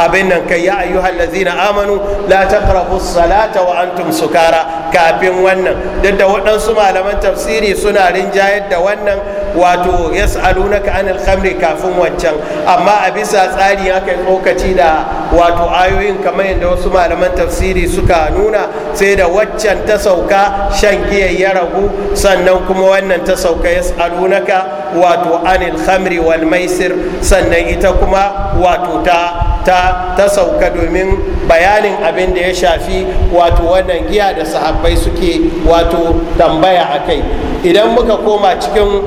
abin nan kai ya ayyuhal ladzina amanu la taqrabu salata wa antum sukara kafin wannan duk da waɗansu malaman tafsiri suna rinjayar da wannan wato yas'alunaka anil khamri kafin wancan amma a bisa tsari aka yi tsokaci da wato ayoyin kamar yadda wasu malaman tafsiri suka nuna sai da waccan ta sauka shan giyar ya ragu sannan kuma wannan ta sauka ya alunaka wato anil khamri wal maisir sannan ita kuma wato ta ta ta sauka domin bayanin abin da ya shafi wato wannan giya da sahabbai suke wato tambaya a kai idan muka koma cikin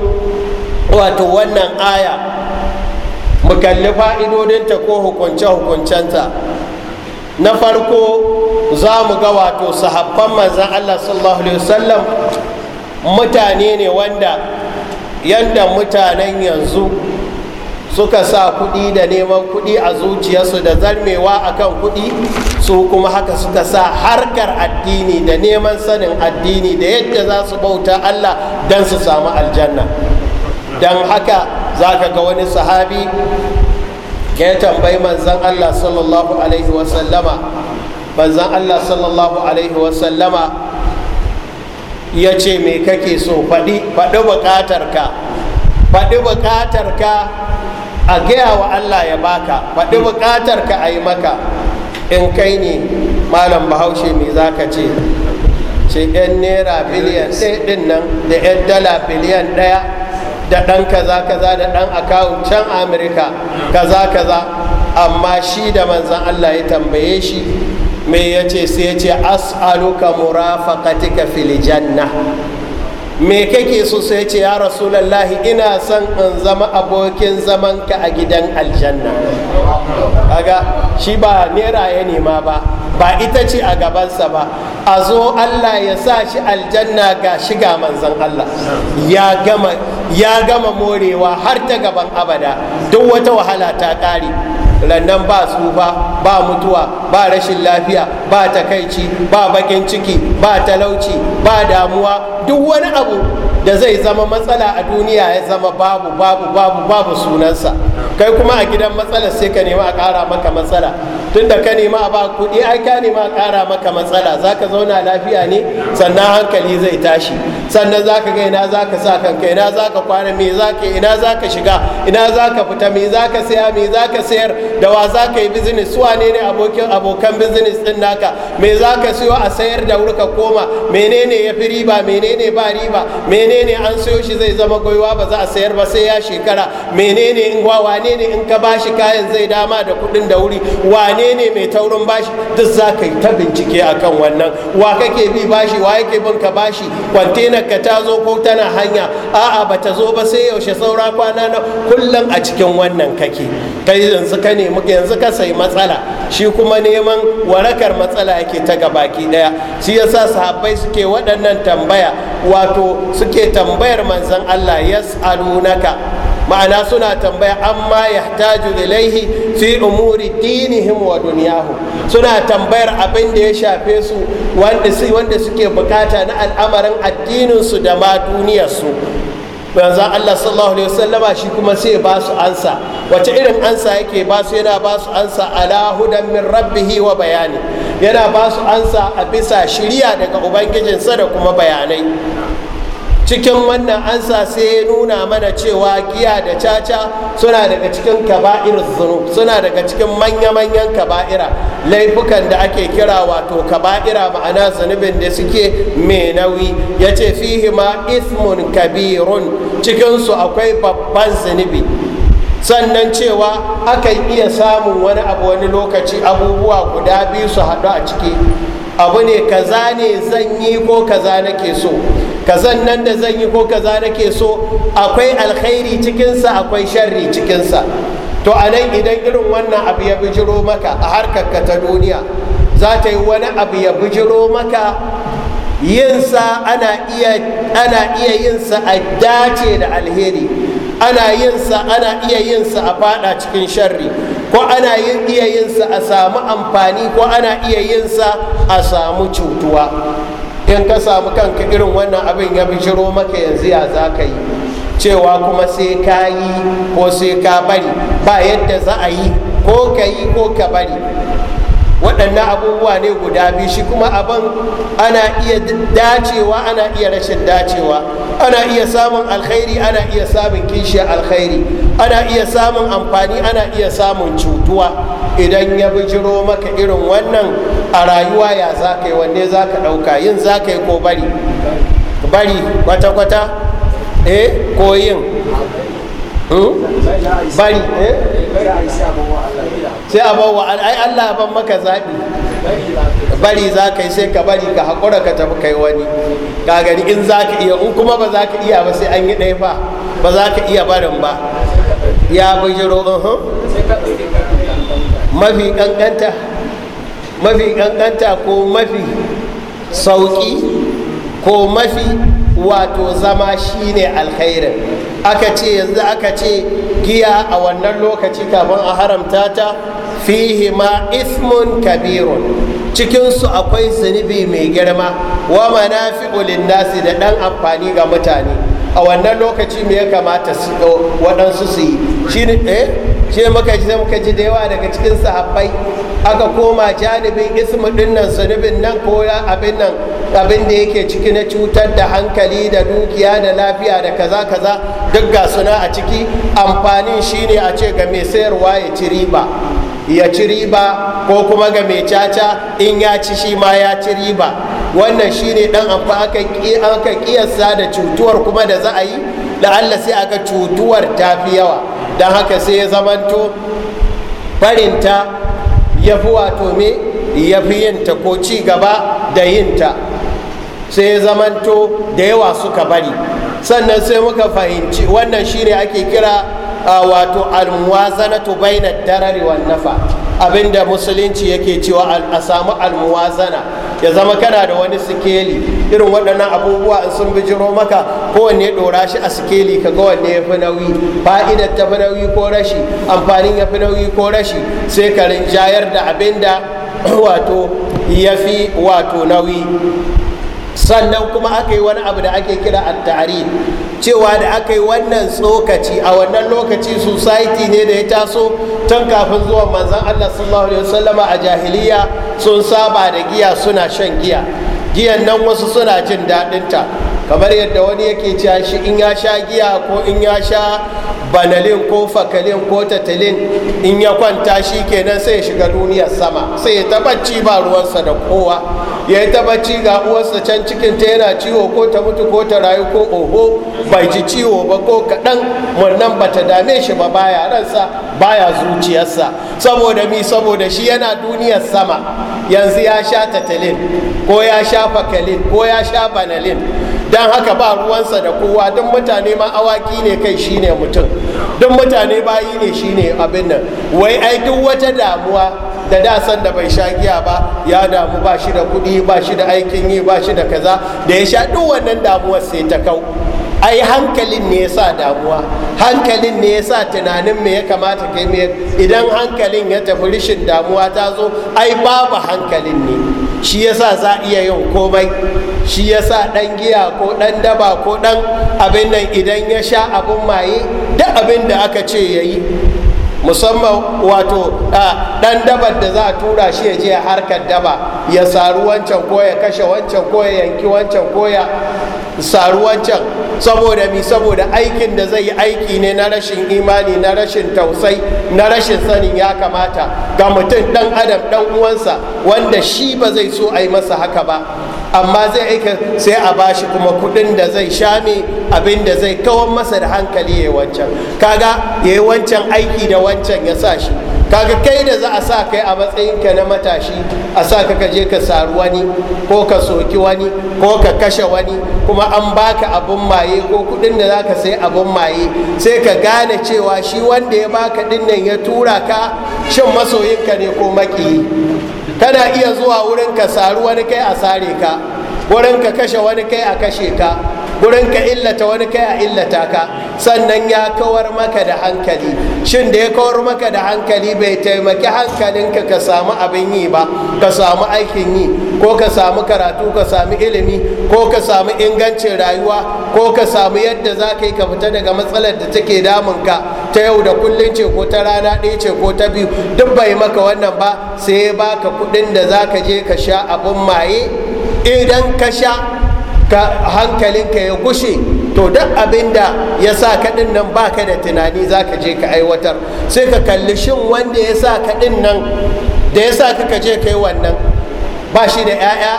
wato wannan aya mu kalli fa'idodinta ko hukunce-hukuncenta na farko za mu ga wato sahabban manzan allah sallallahu alaihi wasallam mutane ne wanda yadda mutanen yanzu suka sa kuɗi da neman kuɗi a zuciyarsu da zarmewa akan kuɗi su kuma haka suka sa harkar addini da neman sanin addini da yadda za su bauta allah don su samu aljanna don haka za ka ga wani sahabi ya tambayi manzan allah sallallahu alaihi wasallama manzan allah sallallahu alaihi wasallama ya ce me kake so faɗi faɗi buƙatarka faɗi buƙatarka a gaya wa allah ya baka faɗi buƙatarka a yi maka in kai ne malam bahaushe me za ka ce ce 'yan naira biliyan ɗaya ɗin nan da 'yan dala biliyan ɗaya da ɗan kaza kaza da ɗan akawun can amurka kaza kaza amma shi da manzan allah ya tambaye shi me ya ce sai ya ce as'aluka murafaqatika fil janna me kake so sai ce ya rasulallahi ina son in zama abokin zamanka a gidan aljanna kaga shi ba nera ya nema ba ba ita ce a gabansa ba a zo Allah ya sa shi aljanna ga shiga manzan Allah ya gama morewa har ta gaban abada duk wata wahala ta ƙare rannan ba tsufa ba mutuwa ba rashin lafiya ba takaici ba bakin ciki ba talauci ba damuwa duk wani abu da zai zama matsala a duniya ya zama babu babu babu babu sunansa kai kuma a gidan matsala sai ka nema a ƙara maka matsala tunda ka nema a ba kuɗi ai ka nema a ƙara maka matsala za ka zauna lafiya ne sannan hankali zai tashi sannan za ka ga ina za ka sa kanka ina za ka kwana me za ka ina za ka shiga ina za ka fita me za ka saya me za ka sayar da wa za ka yi business su wane ne abokin abokan business din naka me za ka siyo a sayar da wuri ka koma menene ya fi riba menene ba riba menene an siyo shi zai zama gwiwa ba za a sayar ba sai ya shekara menene in wawa wane ne in ka bashi kayan zai dama da kudin da wuri wane ne mai taurin bashi duk za ka yi ta bincike akan wannan wa kake bi bashi wa yake bin ka bashi Kwantena ka ta zo ko tana hanya a'a ba ta zo ba sai yaushe saura kwana na kullum a cikin wannan kake kai yanzu ka nemi yanzu ka sai matsala shi kuma neman warakar matsala yake ta gaba ki daya shi yasa sahabbai suke waɗannan tambaya wato suke tambayar manzon Allah yas'alunaka ma'ana suna tambaya amma yahtaju ilaihi fi umuri dinihim wa duniyahu suna tambayar abin da ya shafe su wanda suke bukata na al'amarin addininsu da ma duniyarsu yanzu Allah sallallahu alaihi wasallama shi kuma sai ba su ansa wace irin ansa yake ba su yana ba su ansa ala hudan min rabbihi wa bayani yana ba su ansa a bisa shiriya daga ubangijinsa da kuma bayanai cikin wannan ansa sai ya nuna mana cewa giya da caca suna daga cikin kaba'ir zuru suna daga cikin manya-manyan kaba'ira laifukan da ake kira wato kaba'ira ma'ana zunubin da suke mai nauyi ya ce fihi ma ismun kabirun cikinsu akwai babban zunubi sannan cewa akan iya samun wani abu wani lokaci abubuwa guda biyu su haɗu a ciki abu ne kaza ne zan yi ko kaza nake so kazan nan da zan yi ko kaza nake so akwai alkhairi cikinsa akwai sharri cikinsa to a nan idan irin wannan abu ya bijiro maka a ka ta duniya za ta yi wani abu ya bijiro maka yinsa ana iya yinsa a dace da alheri ana ana iya yinsa a fada cikin sharri ko ana yin iya yinsa a samu amfani ko ana iya yin sa a samu cutuwa in ka samu kanka irin wannan abin ya bishiro maka yanzu ya za ka yi cewa kuma sai ka yi ko sai ka bari ba yadda za a yi ko ka yi ko ka bari waɗannan abubuwa ne guda biyu shi kuma abin ana iya dacewa ana iya rashin dacewa ana iya samun alkhairi ana iya samun kishiyar alkhairi ana iya samun amfani ana iya samun cutuwa idan ya bijiro maka irin wannan a rayuwa ya za ka yi wanne za ka ɗauka yin za ka yi ko bari bari kwata-kwata eh ko hmm? bari eh sai a bawa ai Allah ban maka zaɓi bari za ka yi sai ka bari ka haƙura ka tafi kai wani ka in za ka iya in kuma ba za ka iya ba sai an yi ɗaya ba ba za ka iya barin ba ya bijiro uhun mafi ƙanƙanta mafi ƙanƙanta ko mafi sauƙi ko mafi wato zama shine alkhairin aka ce yanzu aka ce giya a wannan lokaci kafin a haramta ta fihi ma ismun kabirun cikinsu akwai zunubi mai girma wa manafi'u nasi da ɗan amfani ga mutane a wannan lokaci me ya kamata su waɗansu su yi eh, shi eh muka ji muka ji da yawa daga cikin sahabbai aka koma janibin ismu din nan zunubin nan ko abin nan abin da yake ciki na cutar da hankali da dukiya da lafiya da kaza kaza duk ga suna a ciki amfanin shine a ce ga mai sayarwa ya ci riba ya ci riba ko kuma ga mai caca in ya ci shi ma ya ci riba wannan shine dan amfa aka kiyasta da cutuwar kuma da za a yi allah sai aka cutuwar ta fi yawa don haka sai ya zamanto barinta ya fi wato me ya fi yinta ko ci gaba da yinta sai ya zamanto da yawa suka bari sannan sai muka fahimci wannan shine ake kira A wato almuwazanatu baina darari wan nafa abinda musulunci yake cewa a samu almuwazana ya zama kana da wani sikeli irin waɗannan abubuwa in sun bijiro maka kowanne ɗora shi a sikeli ka ga wanne ya fi nauyi fa'idar ta fi nauyi ko rashi amfanin ya fi nauyi ko rashi sai ka rinjayar da abinda wato ya fi wato nauyi sannan kuma aka yi wani abu da ake kira a attari cewa da aka yi wannan tsokaci a wannan lokaci society ne da ya taso tun kafin zuwan manzan allah sallallahu alaihi wasallama a jahiliya sun saba da giya suna shan giya giyan nan wasu suna jin daɗinta kamar yadda wani yake cewa shi in ya sha giya ko in ya sha banalin ko fakalin ko tatalin in ya kwanta shi kenan sai ya shiga duniyar sama sai ya tabacci ba ruwansa da kowa ya yi tabacci ga uwarsa can cikin ta yana ciwo ko ta mutu ko ta rayu ko oho bai ji ciwo ba ko kaɗan wannan ba ta dame shi ba baya ransa baya zuciyarsa saboda mi saboda shi yana duniyar sama yanzu ya sha tatalin ko ya sha fakalin ko ya sha banalin don haka ba ruwansa da kowa don mutane ma awaki ne kai shine mutum don mutane bayi ne shine abin nan wai ai duk wata damuwa da da sanda da bai sha giya ba ya damu ba shi da kuɗi ba shi da aikin yi ba shi da kaza da ya sha duk wannan damuwar sai ta kau ai hankalin ne yasa damuwa hankalin ne yasa tunanin me ya kamata kai me idan hankalin ya tafi rishin damuwa ta zo ai babu hankalin ne shi yasa za iya yin komai shi ya sa ɗan giya ko ɗan daba ko ɗan abin nan idan ya sha abin maye da abin da aka ce ya yi musamman wato ɗan dabar da za a tura shi ya je harkar daba ya saru wancan ko ya kashe wancan ko ya yanki wancan ko ya saru wancan saboda mi saboda aikin da zai yi aiki ne na rashin imani na rashin tausai na rashin sanin ya kamata ga mutum ɗan adam ɗan uwansa wanda shi ba zai so a yi masa haka ba amma zai aika sai a bashi kuma kudin da zai shame abin da zai kawar masa da hankali ya wancan kaga ya yi wancan aiki da wancan ya sa shi kaga kai da za a sa kai a matsayin ka na matashi a sa ka je ka sari wani ko ka soki wani ko ka kashe wani kuma an baka abun maye ko kudin da za ka sai abun maye sai ka gane cewa shi wanda ya baka dinnan ya tura ka shin masoyinka ne ko makiyi Tana iya zuwa wurin ka saru wani kai a sare ka wurin ka kashe wani kai a kashe ka gurin ka illata wani kai a illata ka sannan ya kawar maka da hankali shin da ya kawar maka da hankali bai taimaki hankalinka ka samu abin yi ba ka samu aikin yi ko ka samu karatu ka samu ilimi ko ka samu ingancin rayuwa ko ka samu yadda za ka yi ka fita daga matsalar da take ka ta yau da kullun ce ko ta rana ɗaya ce ko ta biyu duk bai maka wannan ba sai ya baka kuɗin da za ka je ka sha abin maye idan ka sha ka hankalinka ya gushe to duk abinda da ya sa kaɗin nan ba ka da tunani za ka je ka aiwatar sai ka kalli shin wanda ya sa kaɗin nan da ya sa ka ka je ka yi wannan ba shi da 'ya'ya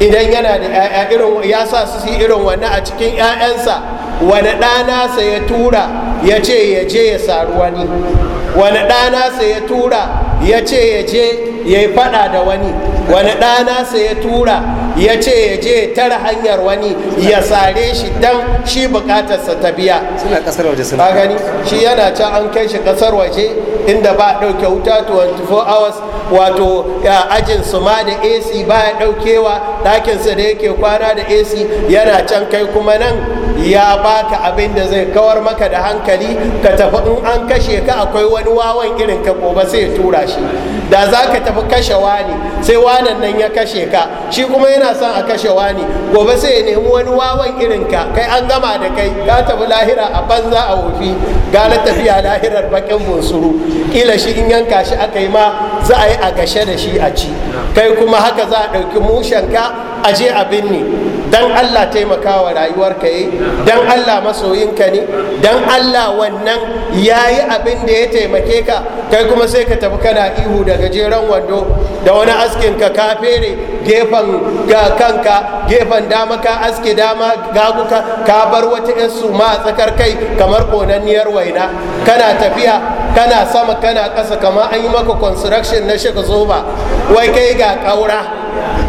idan yana da 'ya'ya irin ya sa su yi irin wannan a cikin 'ya'yansa wani ɗanasa ya tura ya ce ya je ya saru wani wani ɗanasa ya tura ya ce ya je ya yi fada da wani wani ɗanasa ya tura ya ce ya je tara hanyar wani ya sare shi dan shi bukatarsa ta biya suna kasar waje suna gani shi yana can an kai shi kasar waje inda ba a ɗauke wuta 24 hours wato ajin su ma da ac ba ya ɗaukewa ɗakinsa da yake kwana da ac yana can kai kuma nan ya baka abin da zai kawar maka da hankali ka tafi in an kashe ka akwai wani wawan irin ka gobe sai ya tura shi da za ka tafi kashe wani sai wanan nan ya kashe ka shi kuma yana son a kashe wani gobe sai ya nemi wani wawan irin ka kai an gama da kai ka tafi lahira a banza a wofi gala tafiya lahirar bakin bunsuru kila shi in yanka shi aka yi ma za a yi a gashe da shi a ci kai kuma haka za a ɗauki mushen ka a je a binne dan Allah taimakawa rayuwarka yi dan Allah masoyinka ne dan Allah wannan yayi abin da ya taimake ka kai kuma sai ka tafi kana ihu da gajeren wando da wani askin ka ka fere gefen ga kanka gefen dama ka aske dama gaguka ka bar wata yan suma a tsakar kai kamar konanniyar waina kana tafiya kana sama kana ƙasa Kamar an yi maka construction na shiga zoba wai kai ga ƙaura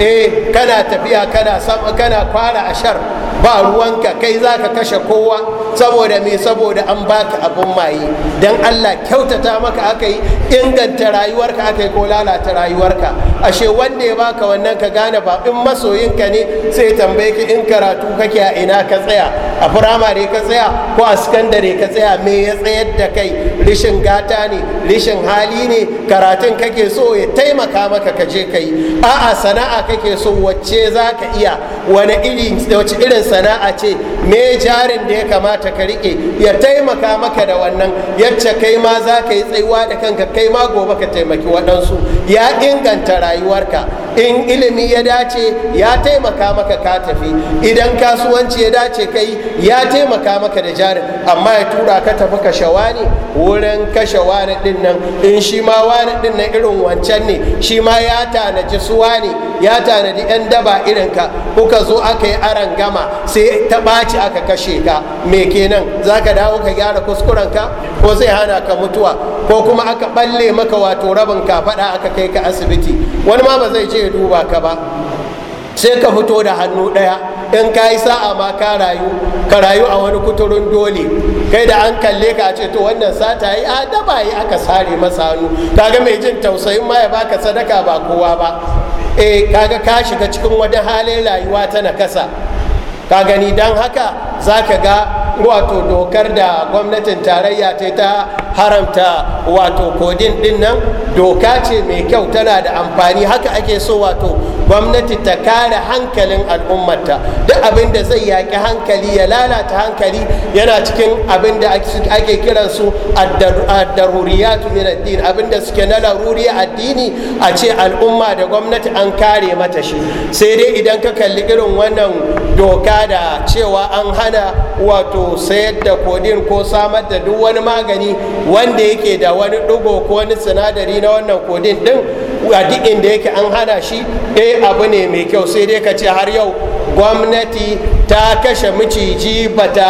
eh kana tafiya kana sama kana fara ashar ba ruwanka kai za ka kashe kowa saboda me saboda an baka abin maye don allah kyautata maka aka yi inganta rayuwarka aka yi ko lalata rayuwarka ashe wanda ya baka wannan ka gane ba in masoyinka ne sai tambaye ki in karatu kake a ina ka tsaya a firamare ka tsaya ko a sakandare ka tsaya me ya tsayar da kai rishin gata ne rishin hali ne karatun kake so ya taimaka maka ka je kai a'a sana'a kake so wacce za ka iya wani irin wace irin sana'a ce me jarin da ya kamata ka rike ya taimaka maka da wannan yacce kai ma za ka yi tsayuwa da kanka kai ma gobe ka taimaki waɗansu ya inganta rayuwarka in ilimi ya dace ya taimaka maka ka tafi idan kasuwanci ya dace kai ya taimaka maka da jarin amma ya tura ka tafi kashe wani wurin kashe wani din nan in shi ma wani din nan irin wancan ne shi ma ya tanaji su wani ya tanaji yan daba irin ka kuka zo aka yi aran gama sai ta ɓaci aka kashe ka me kenan za ka dawo ka gyara kuskuren ka ko zai hana ka mutuwa ko kuma aka ɓalle maka wato rabin ka faɗa aka kai ka asibiti wani ma ba zai je ya duba ka ba sai ka fito da hannu ɗaya in ka yi sa'a ma ka rayu ka rayu a wani kuturin dole kai da an kalle ka ce to wannan sata yi a daba yi aka sare masa hannu kaga mai jin tausayin ma ya baka sadaka ba kowa ba eh kaga ka shiga cikin wani halin rayuwa ta nakasa ka gani don haka za ka ga wato dokar da gwamnatin tarayya ta ta haramta wato kodin din nan doka ce mai kyau tana da amfani haka ake so wato gwamnati ta kare hankalin al'ummata duk abin da zai yaƙi hankali ya lalata hankali yana cikin abin da ake kiransu addaruriyatu min addini abin da suke na laruriya addini a ce al'umma da gwamnati an kare mata shi sai dai idan ka kalli irin wannan doka da cewa an hana wato sayar da kodin ko samar da duk wani magani wanda yake da wani ɗigo ko wani sinadari na wannan kodin din a duk inda yake an hana shi dai eh, abu ne mai kyau sai dai ka ce har yau gwamnati ta kashe miciji bata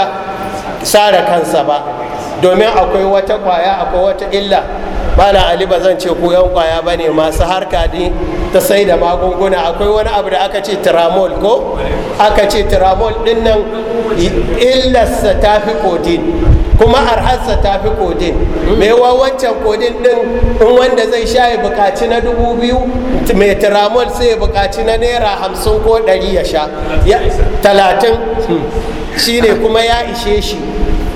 sare kansa ba domin akwai wata kwaya akwai wata illa bana ali ba zan ce ko yan kwaya ba ne masu harka ne ta sai da magunguna akwai wani abu da aka ce tiramol ko aka ce tiramol din nan illarsa ta fi kodin kuma arhassa ta fi kodin mai wancan kodin din in wanda zai sha ya bukaci na dubu biyu mai tiramol sai ya bukaci na naira hamsin ko ɗari ya sha talatin shine kuma ya ishe shi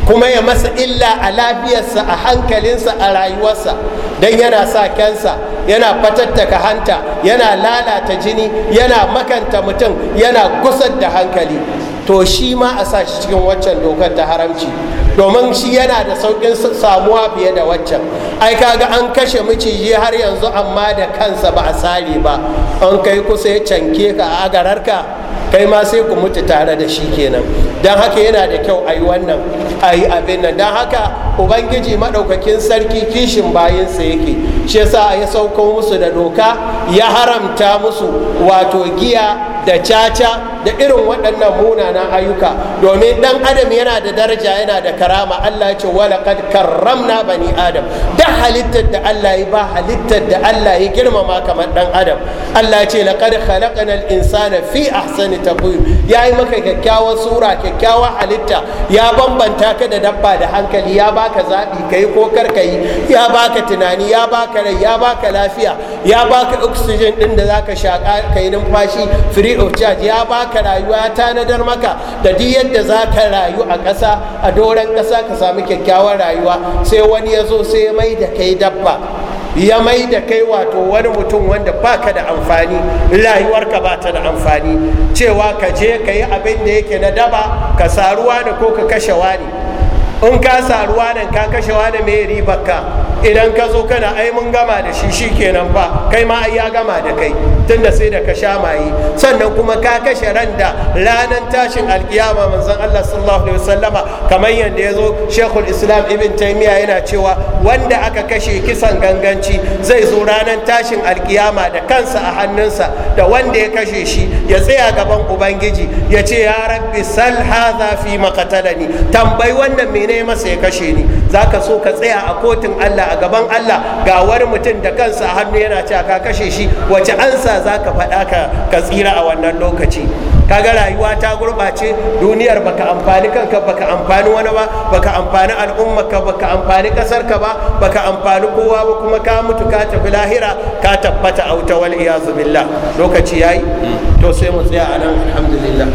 kuma ya masa illa a lafiyarsa a hankalinsa a rayuwarsa don yana sa kansa yana fatattaka hanta yana lalata jini yana makanta mutum yana gusar da hankali to shi ma a sa shi cikin waccan dokar ta haramci domin shi yana da saukin samuwa fiye da waccan ai kaga an kashe miciji har yanzu amma da kansa ba a sare ba an kai kusa ya canke ka a agararka kai ma sai ku mutu tare da shi kenan don haka yana da kyau a yi wannan a yi abin nan don haka ubangiji maɗaukakin sarki kishin bayinsa yake shi yasa ya sauko musu da doka ya haramta musu wato giya da caca da irin waɗannan munanan ayyuka domin ɗan adam yana da daraja yana da karama allah ce walaƙad na bani adam da halittar da allah yi ba halittar da allah ya girmama kamar ɗan adam allah ce laƙad khalaqnal insana fi ahsani taqwim ya yi maka kyakkyawar sura kyakkyawar halitta ya bambanta ka da dabba da hankali ya ba baka zaɓi ka yi ko kar yi ya baka tunani ya baka rai ya baka lafiya ya baka oxygen ɗin da zaka shaƙa ka yi numfashi free of charge ya baka rayuwa ya tanadar maka da duk yadda za ka rayu a ƙasa a doron ƙasa ka sami kyakkyawar rayuwa sai wani ya zo sai ya mai da kai dabba ya mai da kai wato wani mutum wanda baka da amfani rayuwarka ba ta da amfani cewa ka je ka yi abin da yake na daba ka saruwa ne ko ka kashewa wani in ka saruwa nan ka kashe wani mai ribar ka idan ka zo kana ai mun gama da shi shi kenan fa kai ma ai ya gama da kai tunda sai da ka sha mayi sannan kuma ka kashe ran da ranar tashin alkiyama manzon Allah sallallahu alaihi wasallama kamar yadda ya zo shekul Islam Ibn Taymiyyah yana cewa wanda aka kashe kisan ganganci zai zo ranar tashin alkiyama da kansa a hannunsa da wanda ya kashe shi ya tsaya gaban ubangiji ya ce ya rabbi sal hadha fi maqatalani tambayi wannan me ne masa ya kashe ni ka so ka tsaya a kotun Allah a gaban Allah ga wani mutum da kansa a hannu yana cewa ka kashe shi wace ansa zaka faɗa ka ka tsira a wannan lokaci ga rayuwa ta gurɓace duniyar baka amfani kanka baka amfani wani ba baka amfani al'ummarka baka amfani ƙasarka ba baka amfani kowa ba kuma ka mutu ka tafi lahira ka tabbata auta wal iyazu billah lokaci yayi hmm. to sai mu tsaya anan alhamdulillah